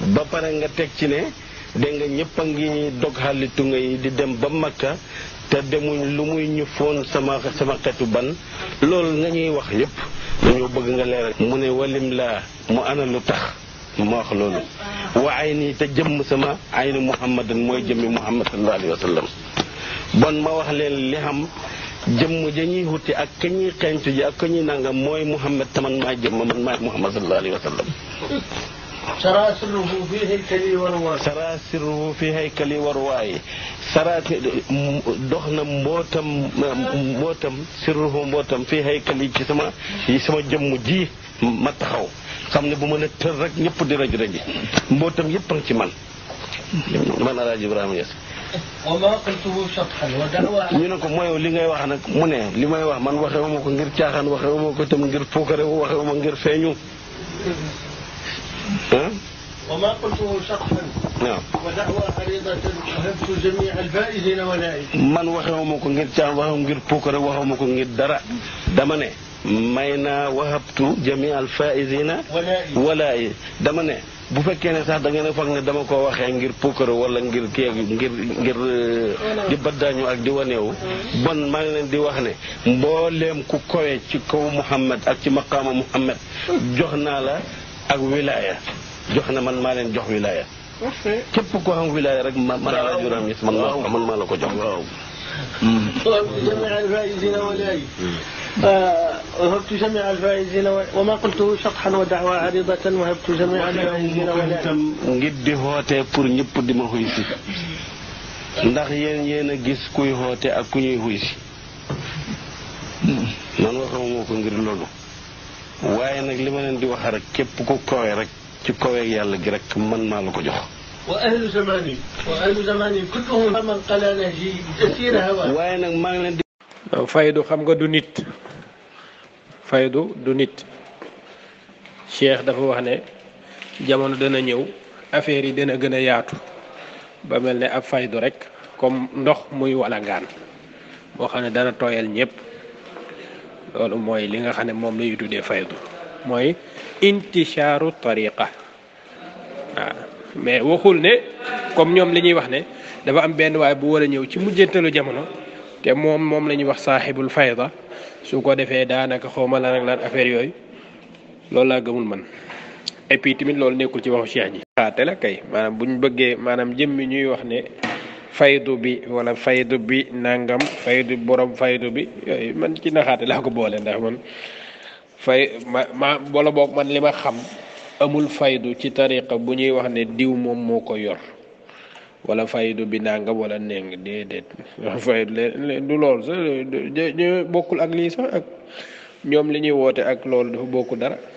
ba pare nga teg ci ne dégg nga ñëpp a ngi dog xaalitu nga yi di dem ba Makka te demuñ lu muy ñu foon sama xetu ban loolu nga ñuy wax yépp dañoo bëgg nga leeral mu ne walim laa mu ana lu tax ma wax loolu waa ay nii te jëmm sama ay ni muhammadan mooy jëmmi muhammad sallallahu alayhi wa sallam bon ma wax leen li xam jëmm ja ñuy wuti ak ka ñuy xeeñtu ji ak ka ñuy nangam mooy muhammad taman maa jëmm man maay muhammad sallallahu alayhi wa sallam saraasiruhu fi haykali wa ruwaay saraasiruhu fi haykali wa ruwaay saraasi dox na mbootam mbootam sirruhu mbootam fi haykali ci sama ci sama jëmm ji ma taxaw xam ne bu mën a tër rek ñëpp di rëj rëji mbootam yëpp a ci man man alaaji Ibrahima Niass ñu ne ko mooy li ngay wax nag mu ne li may wax man waxewuma ko ngir caaxaan waxewuma ko itam ngir puukare waxewuma ngir feeñu وما قلته شطحا waaw wa da'wa aridatan ahabtu jami' al-faa'izina wa laa'ib man waxewuma ko ngir caan waxewu ngir puukare waxewuma ko ngir dara dama ne may naa wahabtu jami' al-faa'izina wa laa'ib dama ne bu fekkee ne sax da ngeen a foog ne dama ko waxee ngir puukare wala ngir kii ngir ngir di baddaañu ak di waneewu mm. bon maa ngi leen di wax ne mbooleem ku kowe ci kaw Muhammad ak ci maqaama Muhammad mm. jox naa la ak wilaaya jox na man ma leen jox wilaaya képp ko xam wilaaya rek man El Hadj Ibrahima Niass man maa ko man maa la jox. waaw. جميع الفائزين والآي وهبت جميع الفائزين وما قلته شطحا ودعوى عريضة وهبت جميع الفائزين والآي ngir di xoote pour ñëpp di ma xuy si ndax yéen yéen a gis kuy xoote ak ku ñuy xuy si man waxuma ko ngir loolu waaye nag li ma leen di wax rek képp ku kawe rek ci kawe yàlla gi rek mën naa la ko jox. waaye nag maa ngi leen di. faydu xam nga du nit faydu du nit Cheikh dafa wax ne jamono dana ñëw affaire yi dana gën a yaatu ba mel ni ab faydu rek comme ndox muy walangaan boo xam ne dana tooyal ñëpp. loolu mooy li nga xam ne moom la ñuy tuddee faydu mooy intisharu tariqa waaw mais waxul ne comme ñoom li ñuy wax ne dafa am benn waay bu war a ñëw ci mujjantalu jamono te moom moom la ñuy wax saaxibul fayda su ko defee daanaka xawma lan ak lan affaire yooyu loolu laa gëmul man et puis tamit loolu nekkul ci waxu cheikh ji xaate la kay maanaam buñ bëggee maanaam jëmmi ñuy wax ne faydu bi wala faydu bi nangam faydu borom faydu bi yooyu man ci naxaate laa ko boole ndax man fay ma ma wala boog man li ma xam amul faydu ci tariqa bu ñuy wax ne diw moom moo ko yor wala faydu bi nangam wala neng déedéet faydu du loolu sax bokkul ak lii sax ak ñoom li ñuy woote ak loolu dafa bokku dara